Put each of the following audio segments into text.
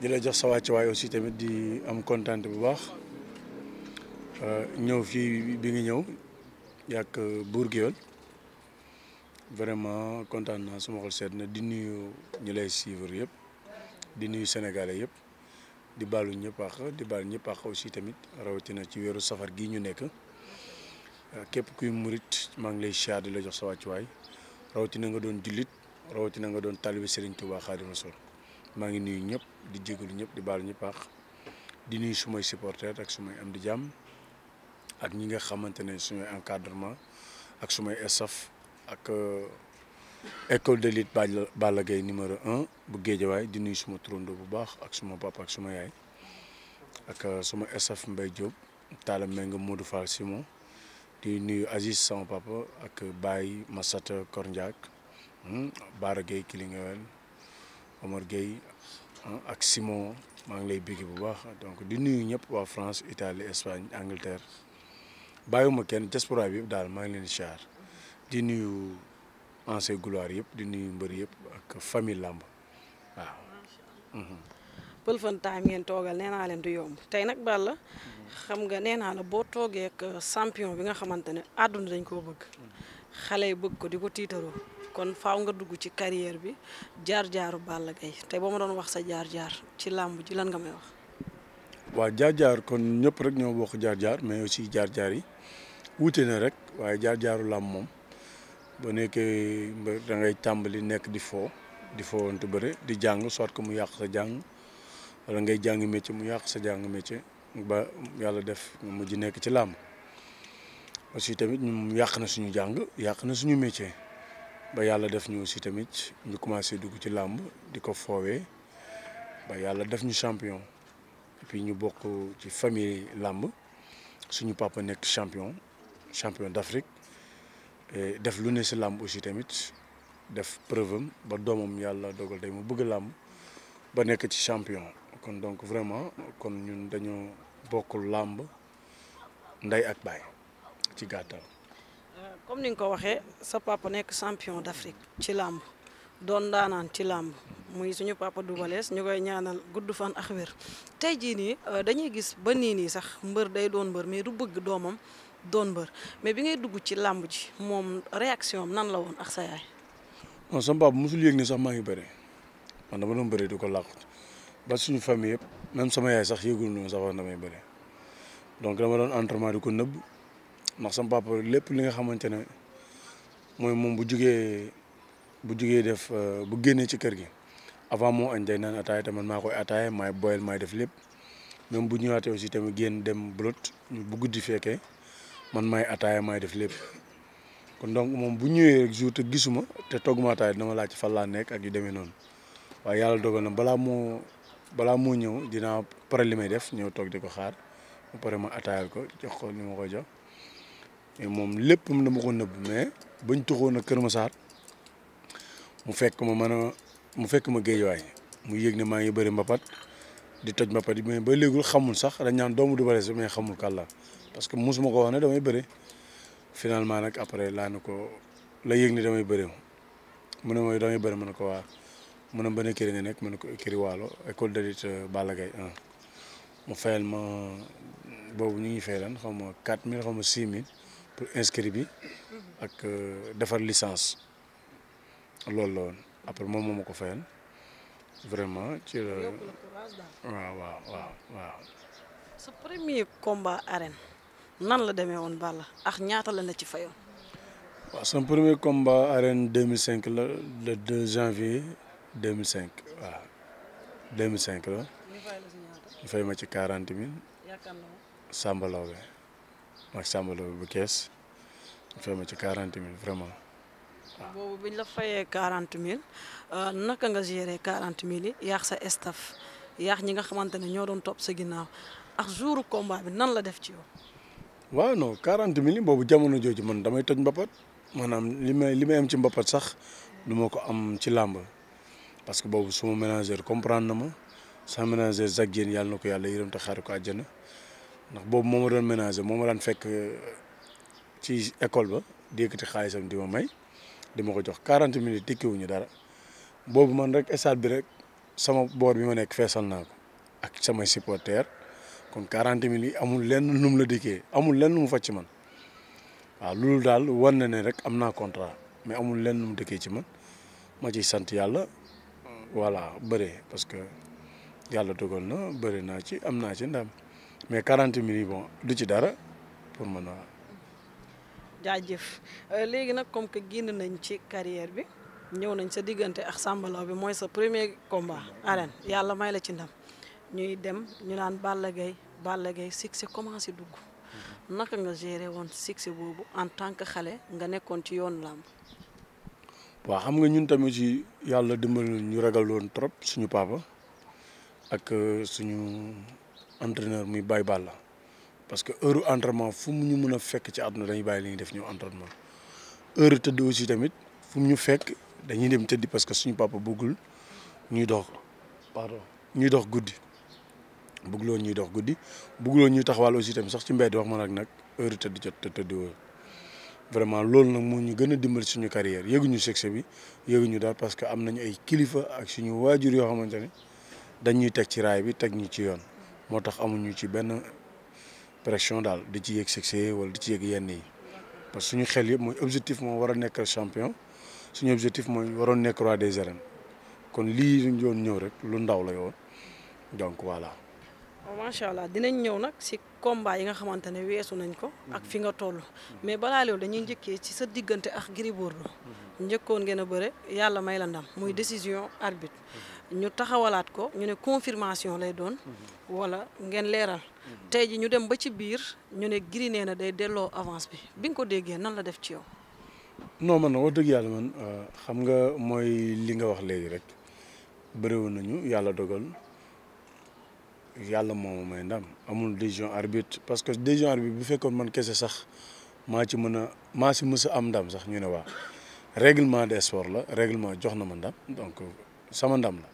di la jox sa wàccuwaay aussi tamit di am contente bu baax euh, ñëw fii bi nga ñëw yàgg buur vraiment content naa suma xol seet na di nuyu ñu lay suivre yëpp di nuyu sénégalais yëpp di baalu ñëpp àq di baal ñëpp àq aussi tamit rawatina ci wéru safar gi ñu nekk euh, képp kuy murit maa ngi lay siyaar di la jox sa wàccuwaay rawatina nga doon jullit rawatina nga doon taalibe Serigne Touba mangin ngi nuyu ñep di jégalu ñep di baalu ñep ak di nuyu sumay supporter ak sumay am di jam ak ñi nga xamantene sumay encadrement ak sumay staff ak euh, école de lutte Balla Gaye numéro 1 bu Géejawaay di nuyu suma trondo bu baax ak suma papa ak suma yaay ak euh, suma staff Mbaye Diop Talla Mbengue Modou Fall Simon di nuyu Aziz sama papa ak Baye Massata Korndiak hmm, Bara Gueye Kilingewel Omar Gueye ah, ak Simon maa ngi lay bégg bu baax donc di nuyu ñëpp waa France Italie Espagne Angleterre bàyyiwuma kenn diaspora bi yëpp daal maa ngi leen di di nuyu ancien gloire yëpp di nuyu mbër yëpp ak famille làmb waaw. pël fan taam ngeen toogal nee naa leen du yomb tey nag Balla xam nga nee naa la boo toogee ak champion bi nga xamante ne àdduna dañ koo bëgg xale yi bëgg ko di ko tiitaroo. kon faaw nga dugg ci carrière bi jaar-jaaru Balla gay tay boo ma doon wax sa jaar-jaar ci lamb ji lan nga may wax. wa jaar-jaar kon ñëpp rek ñoo bokk jaar-jaar mais aussi jaar-jaar yi wuté na rek waye jaar-jaaru lamb mom ba nekkee da ngay tambali nek di fo di wonte beure di jang soit ko mu yaq sa jang wala ngay jang métier mu yaq sa jang métier ba yalla def mu mujj nek ci lamb aussi tamit ñu yaq na suñu jang yaq na suñu métier. ba yàlla def ñu aussi tamit ñu commencé dugg ci làmb di ko foowee ba yàlla def ñu champion et puis ñu bokk ci famille làmb suñu papa nekk champion champion d'Afrique def lu ne si làmb aussi tamit def preuve am ba doomam yàlla dogal day ma bëgg làmb ba nekk ci champion kon donc vraiment kon ñun dañoo bokkul làmb ndey ak baay ci gàttal comme ni nga ko waxee sa papa nekk champion d'Afrique ci làmb doon daanaan ci làmb muy suñu papa Doubalees ñu koy ñaanal gudd fan ak wér tey jii nii euh, dañuy gis ba nii nii sax mbër day doon mbër mais du bëgg doomam doon mbër mais bi ngay dugg ci làmb ji moom réaction nan la woon ak sa yaay. non sama papa mosul yëg sax ngi man dama ba suñu famille même sama yaay sax yëgul noonu sax donc dama entraînement ko ndax sama papa lépp li nga xamante ne mooy moom bu jugee bu jugee def euh, bu génnee ci kër gi avant moo añ day naan ataaya tamit maa koy ataaya maay boyal maay def lépp même bu ñëwaatee aussi tamit génn dem bulot bu guddi fekkee man maay ataaya maay def lépp kon donc moom bu ñëwee rek jour te gisuma te togguma ataaya dama laaj fan laa nekk ak yu demee noonu waaye yàlla dogal na balaa moo balaa moo ñëw dinaa pare li may def ñëw toog di ko xaar ba pare ma ataayal ko jox ko jox. moom lépp mu dama ko nëbb mais bañ toxoon a Kër Massar mu fekk ma man a mu fekk ma géejuwaay mu yëg ne maa ngi bëri mbapat di toj mbapat yi mais ba léegul xamul sax dañ naan du bëri mais xamul kàlla parce que mosuma ko wax damay bëri finalement nag après laa ne ko la yëg ne damay bëri mu ne mooy damay bëri ma ne ko waa mun ne ban écurie nga nekk ma ne ko écurie Waalo école de lutte euh, Balla Gaye mu fayal ma boobu ñu ngi fayalan xaw ma 4000 xaw ma 6000 pour inscrire et ak euh, defar licence loolu après le moment ma vraiment ci le waouh waouh waouh premier combat arène nan la démé won Balla ak ñaata la na ci fayo wa son premier combat arène 2005 le 2 janvier 2005 wa 2005 la ñu fay ma ci 40 000 Samba ak Samba Lo bu kees ñu ma ci quarante mille vraiment. waaw boobu bi ñu la fayee quarante mille euh, naka nga géré quarante mille yi yaax sa staff yaax ñi nga xamante ne ñoo doon topp sa ginnaaw ak jouru combat bi nan la def ci yow. waaw non quarante mille boobu jamono jooju man damay toj mbapat maanaam li may li may am ci mbapat sax du ma ko am ci làmb parce que boobu suma manager comprendre na ma sa manager Zaguiène yàlla na ko yàlla yërëm te xaar ko àjjana. ndax boobu moo ma doon ménager moo ma daan fekk euh, ci école ba di yëkkati xaalisam di ma may di ma ko jox 40 minutes tikkiwuñu dara boobu man rek stade bi rek sama boor bi ma nekk feesal naa ko ak samay supporter kon quarante minutes yi amul lenn lu mu la dikkee amul lenn lu mu facc man waaw loolu daal war na ne rek am naa contrat mais amul leen lu mu dikkee ci man ma ci sant yàlla voilà bëre parce que yàlla dogal na bëri naa ci am naa ci ndam. mais quarante mille yi bon du ci dara pour mën a. jaajëf euh, léegi nag comme que génn nañ ci carrière bi ñëw nañ sa diggante ak Samba Laobé bi mooy sa premier combat arène yàlla may la ci ndam ñuy dem ñu naan Balla Gaye Balla Gaye succès commencé dugg naka nga géré woon succès boobu en tant que xale nga nekkoon ci yoon làmb. waa xam nga ñun tamit ci yàlla dimbali ñu ragal woon trop suñu papa ak euh, suñu. entraîneur mi bay Balla parce que heure entraînement fu mu ñu mëna fekk ci aduna dañuy bay li ñu def ñu entraînement heure tëdd aussi tamit fu mu ñu fekk dañuy dem teddi parce que suñu papa bëggul ñuy dox pardon ñuy dox guddi bëgguloon ñuy dox guddi bëgguloon ñuy taxawal aussi tamit sax ci mbéd wax ma nag nak heure tëdd jot te tëdd woo vraiment lool nak mo ñu gëna dimbal suñu carrière yegu ñu succès bi yegu ñu dal parce que amnañ ay kilifa ak suñu wajur yo xamante dañuy tek ci raay bi tek ñu ci yoon moo tax amuñu ci benn pression daal di ci yëg succès wala di ci yëg yenn yi parce que suñu xel yëpp mooy objectif moom war a nekk champion suñu objectif mooy waroon nekk roi des arènes kon lii ñu ñëw rek lu ndaw la yoon donc voilà. macha allah dinañ ñëw nag ci combat yi nga xamante ne weesu nañ ko. ak fi nga toll. mais balaa loolu dañuy njëkkee ci sa diggante ak Gris Bordeaux. Mhm. njëkkoon ngeen a yàlla may la ndam muy décision arbitre. ñu taxawalaat ko ñu ne confirmation lay doon wala ngeen leeral tey ji ñu dem ba ci biir ñu ne Gris na day delloo avance bi bi nga ko déggee nan la def ci yow non man na wax dëgg yàlla man euh, xam nga mooy li nga wax léegi rek bëriwoon nañu yàlla dogal yàlla moo may ndam amul décision arbitre parce que décision arbitre bu fekkoon man kese sax maa ci mën a maa si mës am ndam sax ñu ne waa réglement des sports la règlement jox na ma ndam donc sama ndam la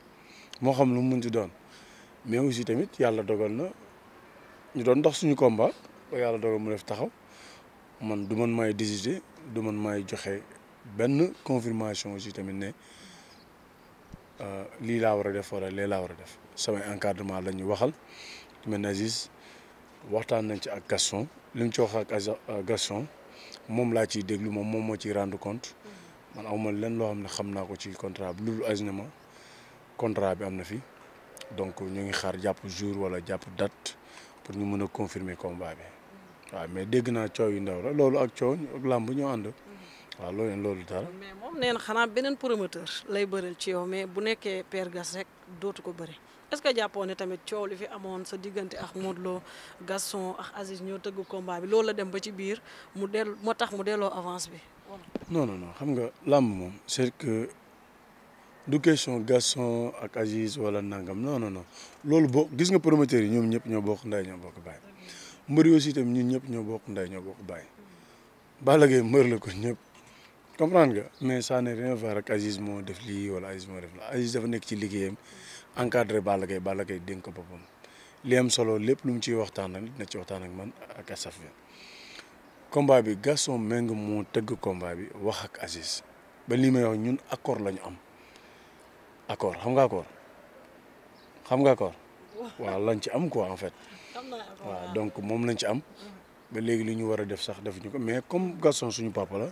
moo xam lu mu munti doon mais aussi tamit yàlla dogal na ñu doon dox suñu combat ba yàlla dogal mu def taxaw man du man may décider du man may joxe benn confirmation aussi tamit ne euh, lii laa war a def wala lee laa war a def samay encadrement la ñu waxal mel na waxtaan nañ ci ak Gaston li mu ci wax ak euh, Gaston moom laa ciy déglu moom moom moo ciy rendre compte man awma leen loo xam ne xam naa ko ci contrat bi loolu Aziz ma contrat bi amna na fi donc ñu ngi xaar japp jour wala japp date pour ñu mëna confirmer combat bi wa mais dégg na coow yu ndaw la lolu ak coow ak lamb ñu and wa loolu lolu dara. mais mom nee xana benen promoteur lay beurel ci yow mais bu nekké Père Gas rek dootu ko bëri est-ce que jappone tamit coow li fi amoon sa digënté ak Modou Lo Gaston ak Aziz ñoo teug combat bi lolu la dem ba ci biir mu dellu motax mu delloo avance bi. non non non xam nga lamb mom c'est que. du question Gaston ak Aziz wala nangam non non loolu boo gis nga promoteurs yi ñoom ñëpp ñoo bokk nday ñoo bokk baay mbër yi aussi tamit ñun ñëpp ñoo bokk nday ñoo bokk baay Balla Gaye mbër la ko ñëpp comprendre nga mais ça n'est rien ak Aziz moo def lii wala Aziz moo def la Aziz dafa nekk ci liggéeyam encadré Balla Gaye Balla dénk boppam li am solo lépp lu mu ciy waxtaan ak dina ci waxtaan ak man ak asaf bi combat bi Gaston Mbengue moo tëgg combat bi wax ak Aziz ba lii may wax ñun accord la ñu am accord xam nga accord xam nga accord waaw lañ ci am quoi en fait waaw donc moom lañ ci am ba léegi li ñu war def sax mais comme garçon suñu papa la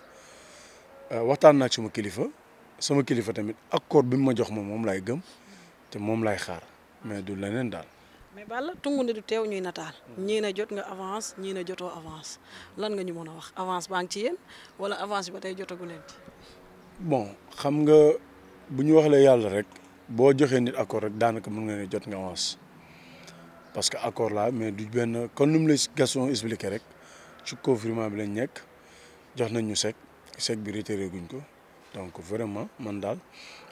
euh, waxtaan naa kilifa sama kilifa tamit accord jox gëm xaar mais du leneen daal. mais tungu du teew ñuy nataal. ñii na jot nga avance ñii na avance lan nga ñu mën je wax avance baa ngi ci avance ba leen ci. bon xam bu ñu waxlee yàlla rek boo joxee nit accord rek daanaka mën nga ne jot nga waas parce que accord la mais du benn kon nu mu la Gaston expliquer rek ci confirmation bi lañ nekk jox nañ ñu sec sec bi retiré guñ ko donc vraiment man daal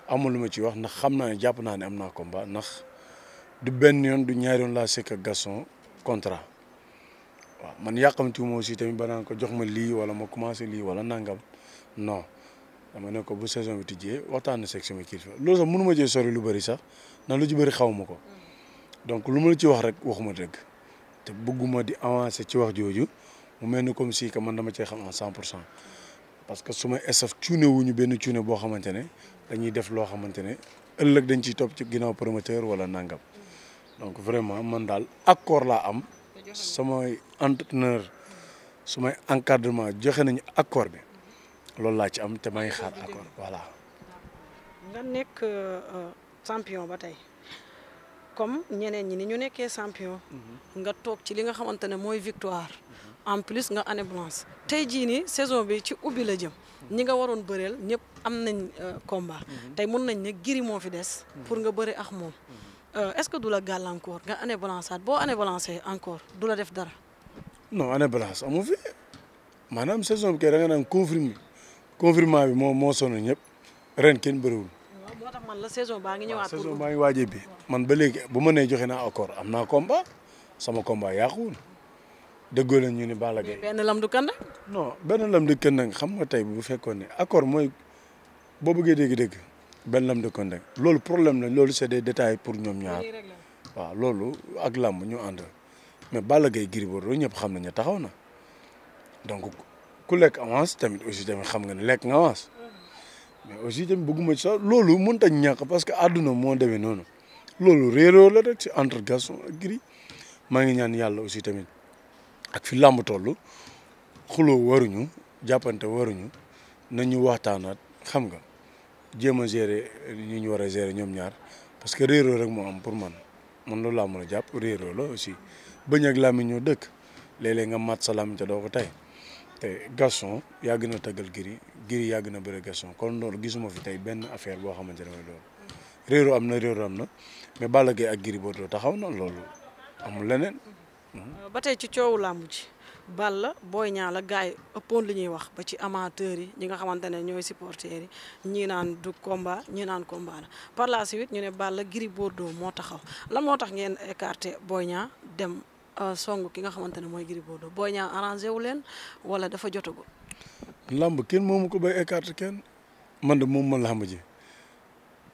amul lu ma ci wax ndax xam naa ne jàpp naa ne am naa combat ndax du benn yoon du ñaari yoon laa sekk ak contrat waaw man yàqamti ma aussi tamit ba naan ko jox ma lii wala ma commencé lii wala nangam non. dama ne ko bu saison bi tijjee waxtaan na seeg sama kilifa loolu sax mënu jee sori lu bari sax na lu ci bëri xaw ko donc lu ma la ci wax rek waxuma dëgg te bugguma di avancer ci wax jooju mu mel ni comme si que man dama cee xam en cent pour cent parce que suma esaf cuune ñu benn cuune boo xamante ne dañuy def loo xamante ne ëllëg dañ ciy topp ci ginnaaw promoteur wala nangam donc vraiment man daal accord laa am samay entraîneur sumay encadrement joxe nañu accord bi loolu laa ci am te maa ngi xaar accord voilà. nga nekk euh, champion ba tey comme ñeneen ñi ni ñu nekkee champion. Mhm. nga toog ci li nga xamante ne mooy victoire. Mhm. en plus nga année blanche tey jii nii saison bi ci ubbi jëm. Mhm. ñi nga waroon bëreel ñëpp am nañ euh, combat. tey mun nañ ne giri moo fi des. pour nga bëre ak moom. Euh, est-ce que du la gàllankoor nga boo année balancé encore du la def dara. non année balance amu fi maanaam saison bi kay da nga naan confinement bi moo moo sonal ñëpp ren kenn bëriwul. moo tax la saison baa ngi ñëwaat. saison baa ngi waajee bi man ba léegi bu ma nee joxe naa accord am naa combat sama combat yàquwul dëggoo leen ñu ni Balla Gaye. benn lam du kënd. non benn lam du kënd xam nga tey bu fekkoon ne accord mooy boo bëggee dégg-dégg benn lam du kënd loolu problème la loolu c'est des détails pour ñoom ñaar waaw loolu ak làmb ñu ànd mais Balla Gaye Gris Bordeaux ñëpp xam nañu taxaw na donc ku lekk avance tamit aussi tamit xam nga ne lekk nga avance mais aussi tamit bëgguma ci sax loolu mun a ñàkk parce que àdduna moo demee noonu loolu réeroo la rek ci entre Gaston ak Gris maa ngi ñaan yàlla aussi tamit ak fi làmb toll xuloo waruñu jàppante waruñu nañu waxtaanaat xam nga jéem a ni ñu ñu war a gérer ñoom ñaar parce que réeroo rek moo am pour man man loolu laa mën a jàpp réeroo la aussi bañ ak làmmiñ ñoo dëkk léeg nga mat sa làmmiñ te ko tey te Gaston yàgg na tëggal giri giri yàgg na bëre Gaston kon loolu gisuma fi tey benn affaire boo xamante ne mooy loolu réeru am na réeru am na mais Balla Gaye ak Gris Bordeaux taxaw na loolu amul leneen. Euh, ba tey ci coowu làmb ji Balla Boy Niang la gars yi ëppoon li ñuy wax ba ci amateurs yi ñi nga xamante ne ñooy supporters yi ñii naan du combat ñii naan combat la par la suite ñu ne Balla Gris Bordeaux moo taxaw la moo tax ngeen écarté booy Niang dem Euh, song ki nga xamante ne mooy Gris Bordeaux Boy Niang arrangé wu leen wala dafa jotagul. làmb kenn moomu ko bay écarté kenn man de moom ma làmb ji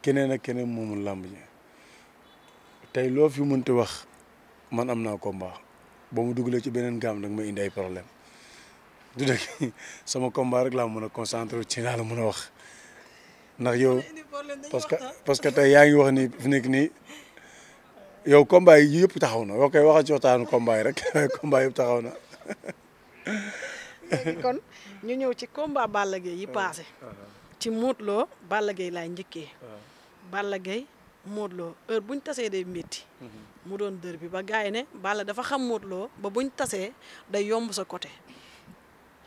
keneen ak keneen moomu làmb ji tey loo fi mënti wax man am naa combat boo mu dugalee ci beneen gaam dag ma indi ay problème du dëgg sama combat rek laa mën a concentré ci laa la mën a wax ndax yow parce que parce que tey yaa ngi wax ni fi nekk nii. yow combat yi yëpp taxaw na yoo koy waxal ci waxtaanu combat rek combat yëpp taxaw na. kon ñu ñëw ci combat Balla Gaye yi paase ci Modou Lo Balla Gaye laay njëkkee. Balla Gaye Modou Lo heure buñ tasee day métti. Mhm. mu doon dër bi ba gars ne Balla dafa xam Modou Lo ba buñ tasee day yomb sa côté.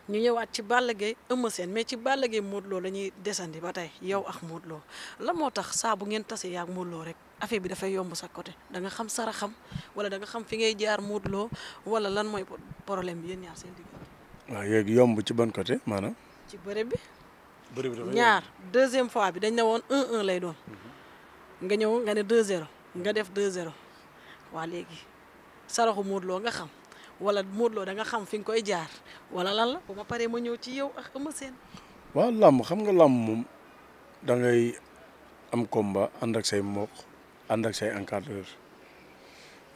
ñu ñëwaat ci Balla Gaye Eumeu Sène mais ci Balla Gaye Modou Lo la ñuy desandi ba tey yow ak Modou Lo la moo tax saa bu ngeen tasee yaa ak Modou Lo rek affaire bi dafay yomb sa côté da nga xam sara xam wala da nga xam fi ngay jaar Modou Lo wala lan mooy problème bi yéen ñaar seen diggante. waaw yéegi yomb ci ban côté maanaam. ci bëre bi. bëre bi ñaar deuxième fois bi dañ ne woon 1-1 lay doon. Mhm. nga ñëw nga ne 2-0 nga def 2-0 waa léegi saraxu Modou Lo nga xam. wala Modou Lo da nga xam fi nga koy jaar wala lan la bu ma paree ma ñëw ci yow ak Eumeu Sène. waaw làmb xam nga làmb moom da ngay am combat ànd ak say mbokk ànd ak say encadreur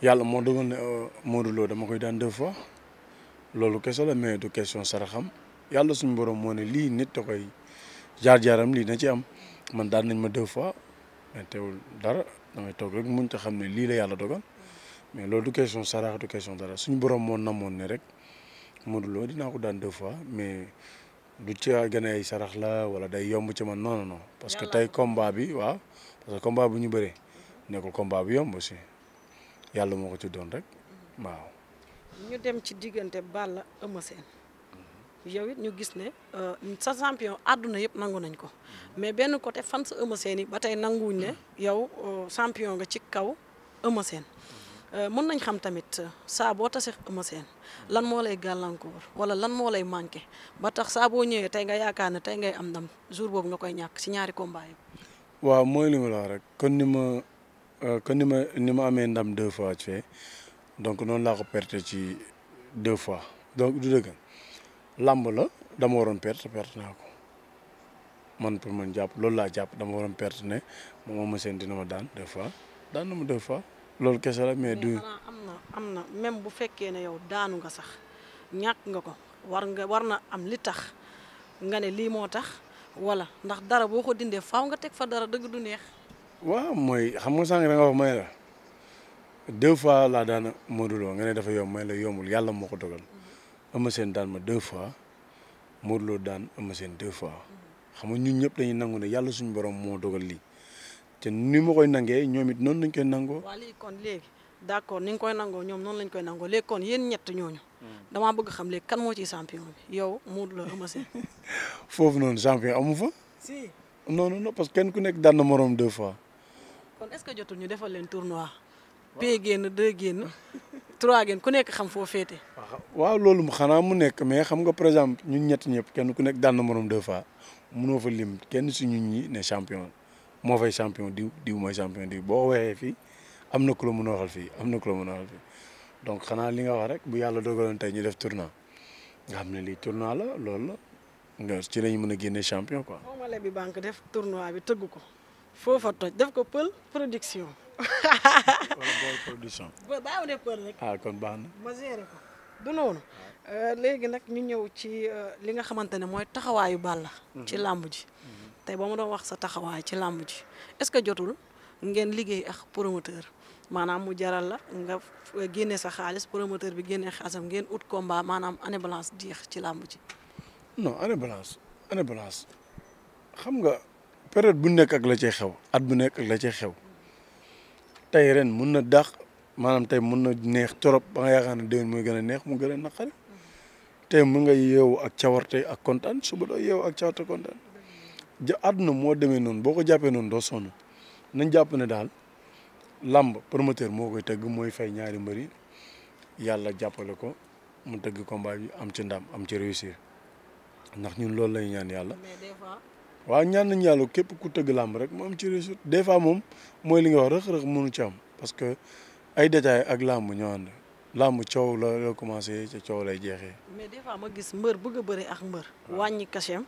yàlla moo dogal ne euh, Modou Lo dama koy daan deux fois loolu kese la mais du question saraxam yàlla suñu borom moo ne lii nit da koy jaar-jaaram lii na ci am man daan nañ ma deux fois mais teewul dara damay toog rek muñ te xam ne lii la yàlla dogal. mais loolu du question sarax du question dara suñu borom moo namoon ne rek Modou Lo dinaa ko daan deux fois mais du ci gën ay sarax la wala day yomb ci man non non parce que tey combat bi waaw parce que combat bu ñu bëree nekkul combat bu yomb aussi yàlla moo ko ci doon rek waaw. ñu dem ci diggante Balla Eumeu Sène yow it ñu gis ne euh, sa champion àdduna yëpp nangu nañ ko mais benn côté fan sa Eumeu ba tey nanguwuñ ne yow euh, champion nga ci kaw Eumeu Euh, mën nañ xam tamit euh, saaboo boo tasee Eumeu Sène lan moo lay gàllankoor wala lan moo lay manqué ba tax saaboo ñëwee tey nga yaakaar ne tey ngay am ndam jour boobu na koy ñàkk si ñaari combat yi. waaw mooy li la rek kon ni ma euh, kon ni ma ni ma amee ndam deux fois ci fee donc noonu laa ko perte ci deux fois donc du dëgg làmb la dama waroon perte perte naa ko man pour man jàpp loolu laa jàpp dama waroon perte ne moom Eumeu Sène dina ma daan deux fois daan na ma deux fois. Lol, kessa la mais du. amna amna même bu fekke ne yow daanu nga sax ñak nga ko war nga warna am li tax nga ne li wala ndax dara boko dindé faaw nga tek fa dara deug du neex. wa moy xam nga sang nga wax may la deux fois la daana modulo Lo nga ne dafa yom may la yomul yalla moko dogal ama mm-hmm. sendan daan ma deux fois modulo daan ama sen deux fois mm-hmm. xam nga ñun ñep dañuy nangu ne suñu borom mo dogal te ni ma koy nangee ñoom it noonu lañ koy nangoo. waaw kon léegi d' ni nga koy nangoo ñoom noonu lañ koy nangoo léegi kon yéen ñett ñooñu. Hmm. damaa bëgg xam léegi kan moo ciy champion bi yow Modou Lo Eumeu Sène. foofu noonu champion amu fa. si parce que kenn ku nekk daan na morom deux fois. kon est que jotul ñu defal leen tournoi. pay génn deux génn trois génn ku nekk xam foo féete. waaw loolu mu xanaa mu nekk mais xam nga par exemple ñun ñett ñëpp kenn ku nekk daan na morom fois munoo fa lim kenn si ñun ñi ne champion. moo fay champion diw diw mooy champion diw bo waxee fi amna ko lo la mën a waxal fii am na ku la waxal fii donc xana li nga wax rek bu yalla dogaloon tey ñu def tournoi nga xam li tournoi la lool la nga ci lañu mën a champion quoi. moom la bi bank def tournoi bi teggu ko fofa toj def ko Peul production. production. boo daaw ne Peul rek. ah kon baax na. ma géré ko du euh légui nak ñu ñëw ci euh, li nga xamantene moy taxawayu taxawaayu Balla. Mhm. ci lamb ji. Mhm. tay ba mu doon wax sa taxawaay ci lamb ji est-ce que jotul ngeen liggey ak promoteur manam mu jaral la nga guéné sa xaliss promoteur bi guéné xaalisam ngeen out combat manam année blanche diex ci lamb ji. non année blanche année blanche xam nga période bu nek ak la cay xew at bu nek ak la cay xew tay ren mun na dakh manam tay mun na neex torop ba nga yaakaar deen moy gëna neex mu gëna naqari tey nga yew ak ciawarte ak contane suba do yew ak ciawarte contane ja àdduna moo demee noonu boo ko jàppee noonu doo sonn nañ jàpp na daal lamb làmb promoteur moo koy tëgg mooy fay ñaari mbëri yàlla jàppale ko mu tëgg combat am ci ndam am ci réussir ndax ñun loolu lay ñaan yàlla. waaw ñaan nañ yàlla képp ku tëgg làmb rek mu am ci réussir des fois moom mooy li nga wax rëq-rëq ci am parce que ay détails ak làmb ñoo ànd làmb coow la la commencé ca coow lay jeexee. mais ma gis mbër bëgg a bëri ak mbër. wàññi kasem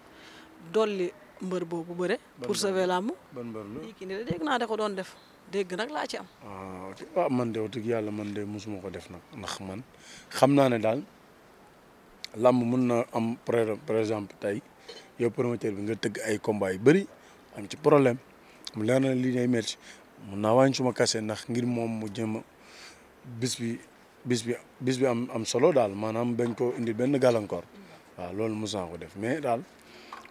dolli mbër boobu bëre. pour sauver làmb. ban mbër la kii nii dégg naa da ko doon def dégg nag laa ci am. waaw ah, ah, man de wax dëgg yàlla man de mosuma ko def nag ndax man xam naa ne daal làmb mun na am par exemple tey yow promoteur bi nga tëgg ay combat yu bëri am ci problème mu leer na lii day métti mun naa wàññi suma kase ndax ngir moom mu jëm bis bi bis bi bis bi am am solo daal maanaam bañ koo indi benn gàllankoor mm. waaw loolu mos naa def mais daal.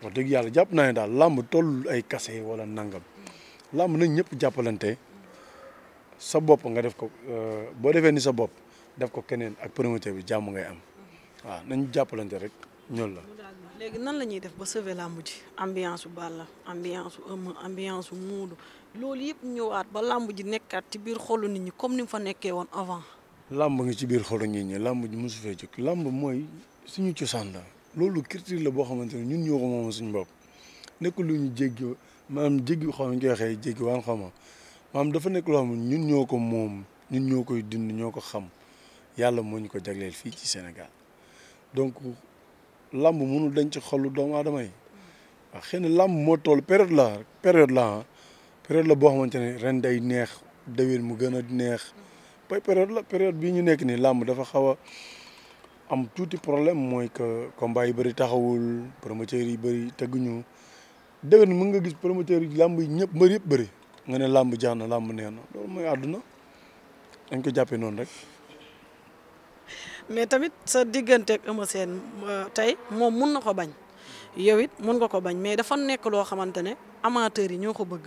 wax dëgg yàlla jàpp naa ne daal làmb tollul ay kase walla nangam làmb nañ ñëpp jàppalante sa bopp nga def ko euh, boo defee ni sa bopp def ko keneen ak promoteur bi jàmm ngay am waaw nañ jàppalante rek ñool la. léegi nan la ñuy def ba sauver làmb ji ambiance su Balla ambiance su Eumeu ambiance su Modou loolu yëpp ñëwaat ba làmb ji nekkaat ci biir xolu nit ñi comme ni mu fa nekkee woon avant. làmb ngi ci biir xolu nit ñi làmb ji mosu fee jóg làmb mooy suñu cosaan la. loolu critique la boo xamante ne ñun ñoo ko moom suñu bopp nekk lu ñu jéggi maanaam jéggi xaw ma ñu dafa nekk loo xam ñun ñoo ko moom ñun ñoo koy dund ñoo ko xam yàlla moo ñu ko jagleel fii ci senegal donc lamb mënul dañ ci xolu doomu aadama yi waaw xëy na làmb moo toll période la période la période la boo xamante ne ren day neex déwén mu gën a neex période la période bii ñu nekk nii làmb dafa xaw a am tuti problème moy ke combat yi bari taxawul promoteur yi bari teguñu dëgg mën nga gis promoteur yi lamb yi ñëpp mbër yëpp bëri nga ne lamb jeex lamb neena lool moy aduna dañ ko jappé non rek. mais tamit sa digënté ak Sène euh, tey moom mun na ko bañ yowit mën mun nga ko bañ mais dafa nekk lo xamantene amateur yi ñoko bëgg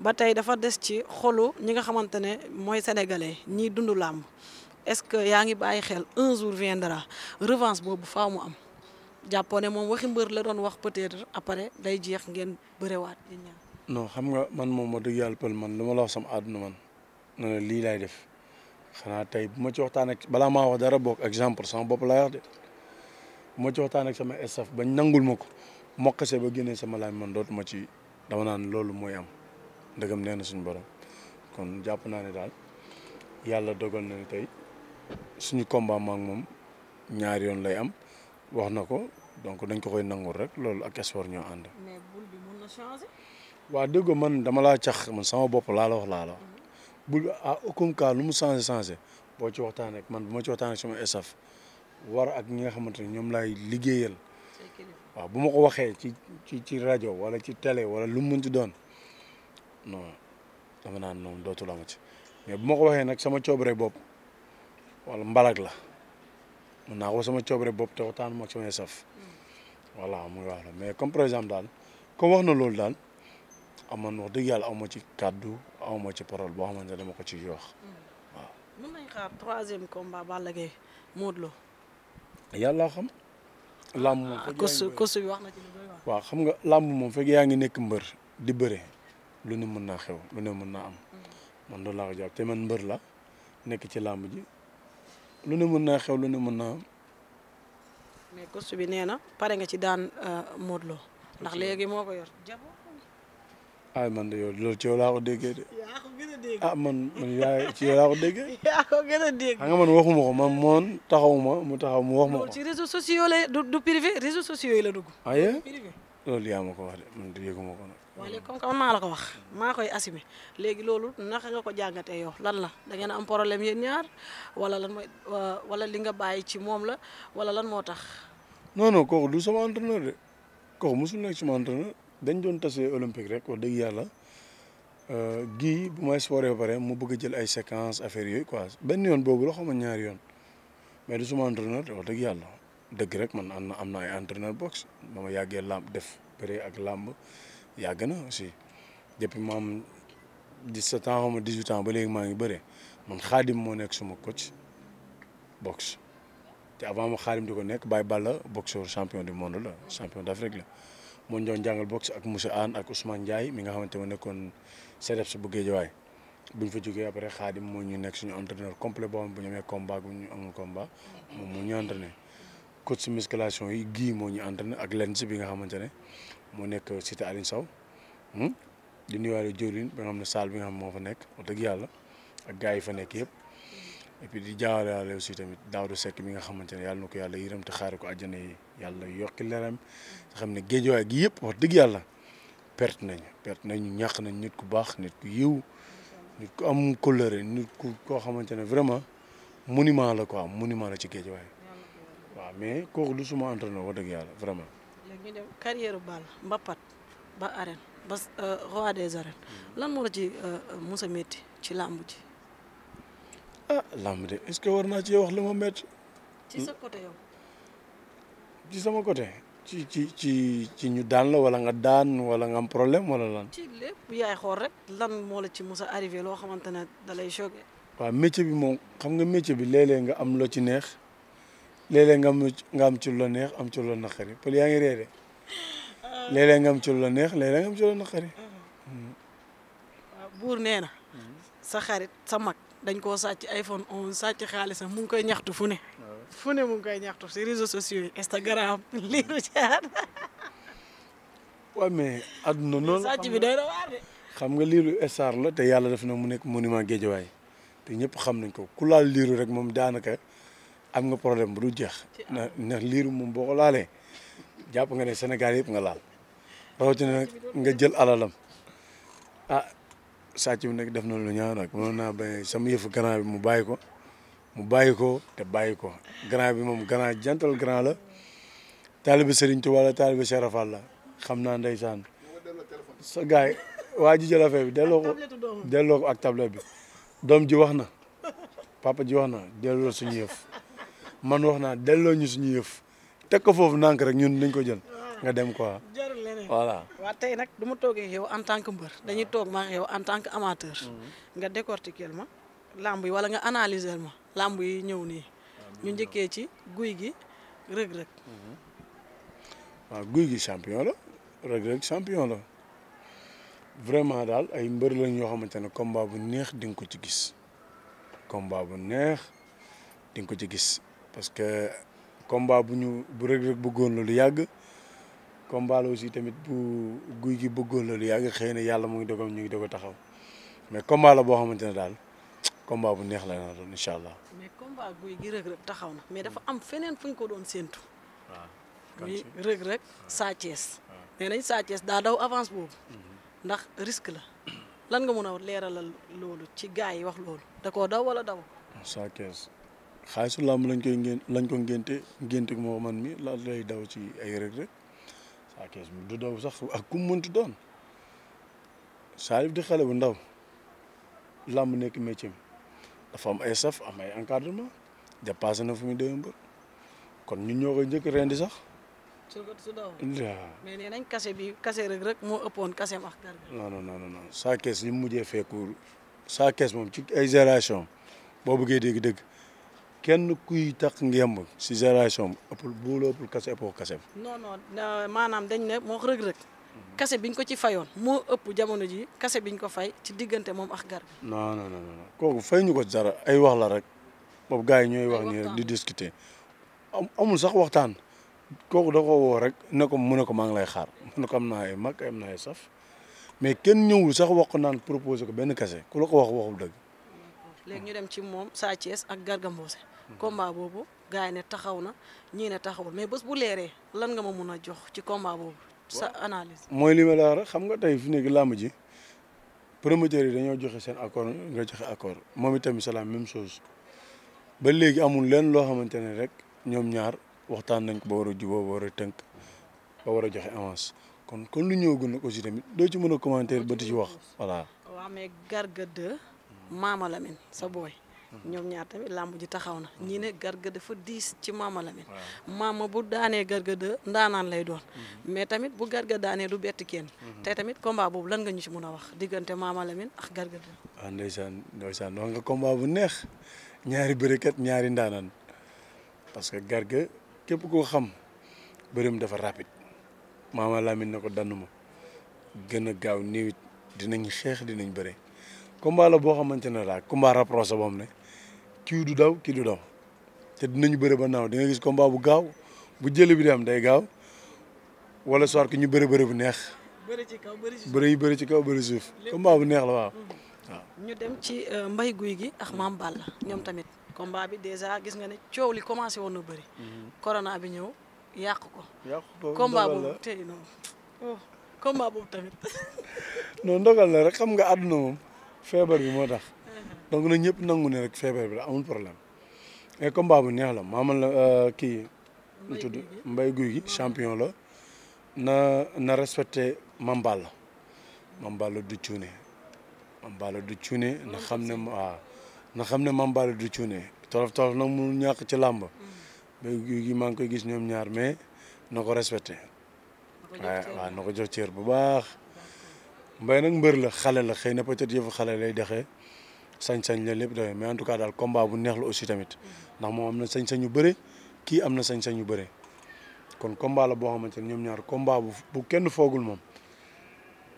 ba tay dafa dess ci xolu ñi nga xamantene moy sénégalais ñi dundu lamb est-ce que yaa ngi bàyyi xel un jour dara revanche boobu faaw mu am jàppoo ne moom waxi mbër la doon wax peut-être après day jeex ngeen bërewaat yéen ñaar. non xam nga man moom ma dëgg yàlla pël man lu ma la wax sama àdduna man na lii laay def xanaa tey bu ma ci waxtaan ak balaa maa wax dara bokk exemple sama bopp laa wax de bu ma ci waxtaan ak sama staff bañ nangul ma ko mokkase ba génnee sama laaj man dootuma ci dama naan loolu mooy am ndëgam nee na suñu borom dogal na ne tey. suñu combat maak mom ñaar yoon lay am wax na donc dañ ko koy nangul rek loolu ak espoir ño and mais boule bi mën na changer. wa deug man dama la tax man sama bop la la wax la la wax mhm. boule a aucun cas lu mu changer changer bo ci waxtan rek man buma ci waxtan ak sama esaf war ak ñi nga xamanteni ñom lay liggéeyal. wa buma ko waxee ci ci ci radio wala ci télé wala lu mu mën ci doon non dama naan noonu dootul ci mais buma ko waxee nak sama ciobre bop wala mbalak la mën na ko sama ciobre bop te waxtaan mo samay saf wala mu wax la mais comme par exemple daal comme wax na lol dal amon wax deug yalla aw ci cadeau aw ci parole bo xamante dama ko ci wax waaw. mën nañ xaar troisième combat Balla Gaye Modou Lo. yàlla xam. làmb mo ko ko su wax na ci lu wax. waaw xam nga lamb mom fek yaa ngi nekk mbër di bëre lu ne mën na xew lu ne mën na am mm. man do la ko jàpp te man mbeur la nek ci lamb ji. lu ne mën naa xew lu ne mën naa am. mais bi nee na pare nga ci daan euh, Modou Lo ndax léegi moo ko yor jabo man de yow loolu ci yow laa ko déggee de. yaa ko gën a dégg ah man man yaa ko man waxuma ko man moon taxawuma mu taxaw mu wax ma ko. ci réseaux sociaux la du privé réseaux sociaux yi la dugg. ah yee loolu yaa ma ko wax de man de yëguma ko nag. waaw léegi comme que man la ko wax maa koy assumé léegi loolu naka nga ko jàngatee yow lan la da ngeen am problème yéen ñaar wala lan mooy wala li nga bàyyi ci moom la wala lan moo tax. non non kooku du sama entraîneur de kooku mosul nekk sama entraîneur dañ doon tase olympique rek wax dëgg yàlla euh, gii bu may sporé ba pare mu bëgg jël ay séquences affaires yooyu quoi benn yoon boobu la xaw ma ñaari yoon mais du sama entraîneur de wax dëgg yàlla dëgg rek man am na am na ay entraîneur boxe ba yàggee làmb def ak làmb. yàgg na aussi depuis ma am 17 ans xaw ma 18 ans ba léegi maa ngi bëre man xaadim moo nekk suma coach boxe te avant ma xaadim di ko nekk Baye Balla boxeur champion du monde la champion d'Afrique la moo doon jàngal boxe ak monsieur Anne ak Ousmane njaay mi nga xamante ma nekkoon CEDEPS bu Guédiawaye bu ñu fa jógee après xaadim moo ñu nekk suñu entraîneur complet boo xam bu ñu amee combat bu ñu amul combat moom moo ñu entraîné coach musculation yi gii moo ñu entraîné ak lenn bi nga xamante ne moo nekk cité Aline Sow hmm, di nuyuwaale jëwriñ ba nga xam ne saal bi nga xam moo fa nekk wax dëgg yàlla ak gars yi fa nekk yëpp et puis di jaawale aussi tamit Daawdu Sekk mi nga xamante ne yàlla na ko yàlla yërëm te xaari ko àjjana yàlla yokki leeram nga xam ne géejuwaay gi yëpp wax dëgg yàlla perte nañu perte nañu ñàkk nañ nit ku baax nit ku yiw nit ku am colère nit ku koo xamante ne vraiment monument la ko quoi monument la ci géejuwaay waaw mais kooku du suma entraîneur wax dëgg yàlla vraiment léegi ñu dem carrière bal mbapat ba arène ba euh, roi des arènes mm. lan moo la ci euh, musa métti ci làmb ji. ah làmb de est-ce que war naa ci wax li ma métti. ci sa côté yow. ci côté. ci ci ci ci ñu daan la wala nga daan wala nga problème wala lan. ci lépp yaay xool rek lan moo la ci musa arriver loo xamante ne da lay choqué. waaw bi moom xam nga métier bi léeg nga am loo ci neex. léeg-léeg nga am nga am ci lu neex am ci lu naqari pël yaa ngi réeré ah. léeg-léeg nga am ci lu neex léeg-léeg nga am ci lu naqari. Mm-hmm. Mm-hmm. waaw buur nee na. Mm-hmm. sa xarit sa mag dañ koo sàcc iPhone 11 sàcc xaalisam mu ngi koy ñaxtu fu ne. Ah. fu ne mu ngi koy ñaxtu si réseaux sociaux yi Instagram lii lu jaar. waaw mais àdduna noonu sàcc bi doy na waar de. xam nga liiru star la te yàlla def na mu nekk monument Guédiawaye te ñëpp xam nañ ko ku laal liiru rek moom daanaka am nga problème bu du jeex na ndax liiru moom boo ko laalee nga né Sénégal yépp nga laal rawti nag nga jël alalam ah sàcc nak def na lu ñaaw nak mo na bay sama yëfu grand bi mu bayiko mu bayiko té bayiko grand bi mom grand jantal grand la taalibe Serigne Touba la taalibe Cheikh Rafal la xamna ndaysan sa gay waji jël affaire bi delloo ko delloo ko ak tablette bi dom ji waxna papa ji waxna na suñu yëf man wax naa delloo ñu suñu yëf teg ko foofu nànk rek ñun dañ ko jël nga dem quoi voilà. waaw tey nag du ma toogee xew en tant que mbër dañu toog maa yow en tant que amateur. Mm-hmm. nga décortiquer ma làmb yi wala nga analyser ma làmb yi ñëw nii. ñu njëkkee ci guy gi rëg-rëg. Mm-hmm. waaw guy gi champion la rëg-rëg champion la vraiment daal ay mbër lañ yoo xamante ne combat bu neex di nga ko ci gis combat bu neex di nga ko ci gis parce que combat bu ñu bu Reug Reug bëggoon la lu yàgg combat la aussi tamit bu guy gi bëggoon la lu yàgg xëy yàlla mu ngi dogal ñu ngi doog a mais combat la boo xamante ne daal combat bu neex la na doon incha allah. mais combat mais dafa am feneen fu ñu ko doon séentu. waaw ah, muy Reug ah. Sa Thiès. Ah. nee nañ mhm. ndax risque la. lan nga mën a leeralal loolu ci gars yi wax loolu. da koo daw wala daw. Sa Thiès xaalisu làmb lañ koy ngéen lañ ko ngénte ngénte moo man mi la lay daw ci ay rek rek saa kees du daw sax ak ku mënti doon Salif di xale bu ndaw làmb nekk métier dafa am ay saf am ay encadrement na fu muy déwén ba kon ñun ñoo koy njëkk sax. mais nee kase bi kase rek rek moo ëppoon kase ak gar non non non non saa kees li mujjee fekku saa kees moom ci ay génération boo bëggee dégg-dégg. kenn kuy tax ngemb si génération bi ëppul buuloo ëppul kase ëppoo kase. non maanaam dañ ne moo rëg-rëg kase ko ci fayoon moo ëpp jamono ji kase biñ ko fay ci diggante moom ak gar bi. non non non kooku fay ñu ko dara ay wax la rek boobu gars yi ñooy wax nii rek di discuter amul sax waxtaan kooku da ko woo rek ne ko mu ne ko maa ngi lay xaar mu ne ko am naa ay mag am naa ay saf mais kenn ñëwul sax wax ko naan proposé ko benn kase ku la ko wax waxul dëgg. léegi ñu dem ci moom Sa Thiès ak Garga Mbossé combat boobu gars yi ne taxaw na ñii ne taxawul mais bés bu leeree lan nga ma mun a jox ci combat boobu. sa analyse. mooy li ma la wax xam nga tey fi nekk làmb ji promoteurs yi dañoo joxe seen accord nga joxe accord moom itamit salaam même chose ba léegi amul leen loo xamante ne rek ñoom ñaar waxtaan nañ ko ba war a juboo ba war a tënk ba war a joxe avance kon kon lu ñëwagul nag aussi tamit doo ci mën a commentaire ba di ci wax voilà. waaw mais Garga 2 Maama Lamine sa booy. ñoom ñaar tamit làmb ji taxaw na ñii ne garga dafa diis ci Mama Lamine maama bu daanee garga ndaanaan lay doon mhm. mais tamit bu garga daanee du bett kenn mhm. tey tamit combat boobu lan nga ñu ci mën a wax diggante Mama Lamine ak garga de waaw ah, ndeysaan ndeysaan wax nga combat bu neex ñaari bërekat ñaari ndaanaan parce que garga képp ko xam bërëm dafa rapid Mama Lamine na ko danuma gën a gaaw niwit dinañ xeex dinañ bëre combat la boo xamante ne daal combat rapproché boo xam ne kii du daw kii du daw te dinañu bëre ba naaw di nga bu gaaw bu jëli bi di am wala soir ki ñu bëre bëre bu neex. bëre ci kaw bëre ci kaw bëre suuf combat bu neex la waaw. Mhm. waaw ñu dem ci euh, mbay guy gi ak maam Balla ñoom tamit combat bi dèjà gis nga ne coow li commencé woon na bëri. Mhm. corona bi ñëw yàq ko. yàq ko combat tey noonu. Oh. combat boobu tamit. non ndogal la rek xam nga àdduna moom. feebar bi moo tax donc na ñëpp nangu ne rek feebar bi la amul problème et combat bu neex la maamal la euh, kii ñu tudd mbay guy gi champion la na na respecté mambal la mambal la du cuune mambal du cuune na xam ne waaw na xam ne mambal la du cuune tolof tolof nag mu ñàkk ci làmb mm. mbay guy gi maa ngi koy gis ñoom ñaar mais na ko respecté waaw ko jox cër bu baax mbay nag mbër la xale la xëy na peut-être yëfu xale lay dexee sañ-sañ la lépp doy mais en tout cas daal combat bu neex la aussi tamit ndax moom am na sañ-sañ yu bëre kii am na sañ-sañ yu bëre kon combat la boo xamante ne ñoom ñaar combat bu bu kenn foogul moom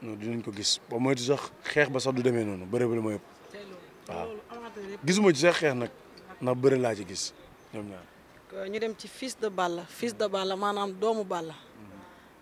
non dinañ ko gis ba moytu sax xeex ba sax du demee noonu bëre bi la gisuma ci xeex nag ndax bëre laa ci gis ñoom ñaar. ñu dem ci fils de Balla fils de Balla maanaam doomu la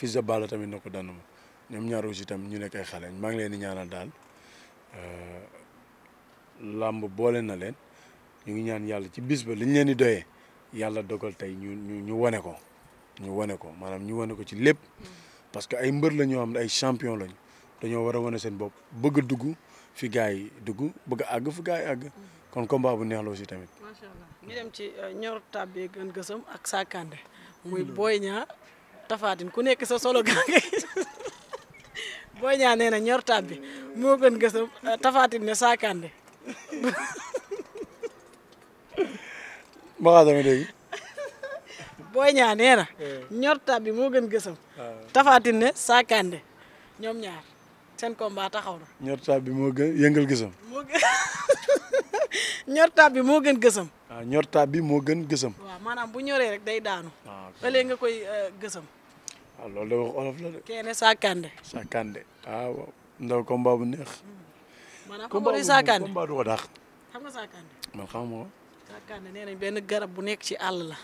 fils de Balla tamit na ko daan ma ñoom ñaar aussi tam ñu nekk ay xale maa ngi leen di ñaanal daal euh, làmb boole na leen ñu ngi ñaan yàlla ci bis ba liñ leen di doyee yàlla dogal tey ñu ñu ñu wane ko ñu wane ko maanaam ñu wane ko ci lépp mm. parce que ay mbër la ñoo am ay champion lañu dañoo war a wane seen bopp bëgg dugg fi gars yi dugg bëgg a àgg fi gars àgg mm. kon combat bu neex la aussi tamit. ñu dem ci ñor euh, tàbbi gën gësam ak Sakandé mm. muy Boy Niang Tafatin ku nek sa solo gaa ngay boo na ñor tabbi mo gën sa eh, tafatin ne sakande ma dama deg bo ñaa na eh. ñor tabbi mo gën sa ah. tafatin ne sakande ñom ñaar sen combat taxaw na ñor tabbi mo gën yëngal gësam sa ñor tabbi mo gën gësam sa ah, ñor tabbi mo gën manam bu ñoree rek day daanu ah, nga koy eh, waaw ah, loolu de wax olof la de. keene Sakande. Sakande ah, waaw ndaw combat bu neex. maanaam xam nga Sakande combat du ko dàq. xam nga Sakande. man xam nga ko. Sakande nee nañ benn garab bu nekk ci àll la.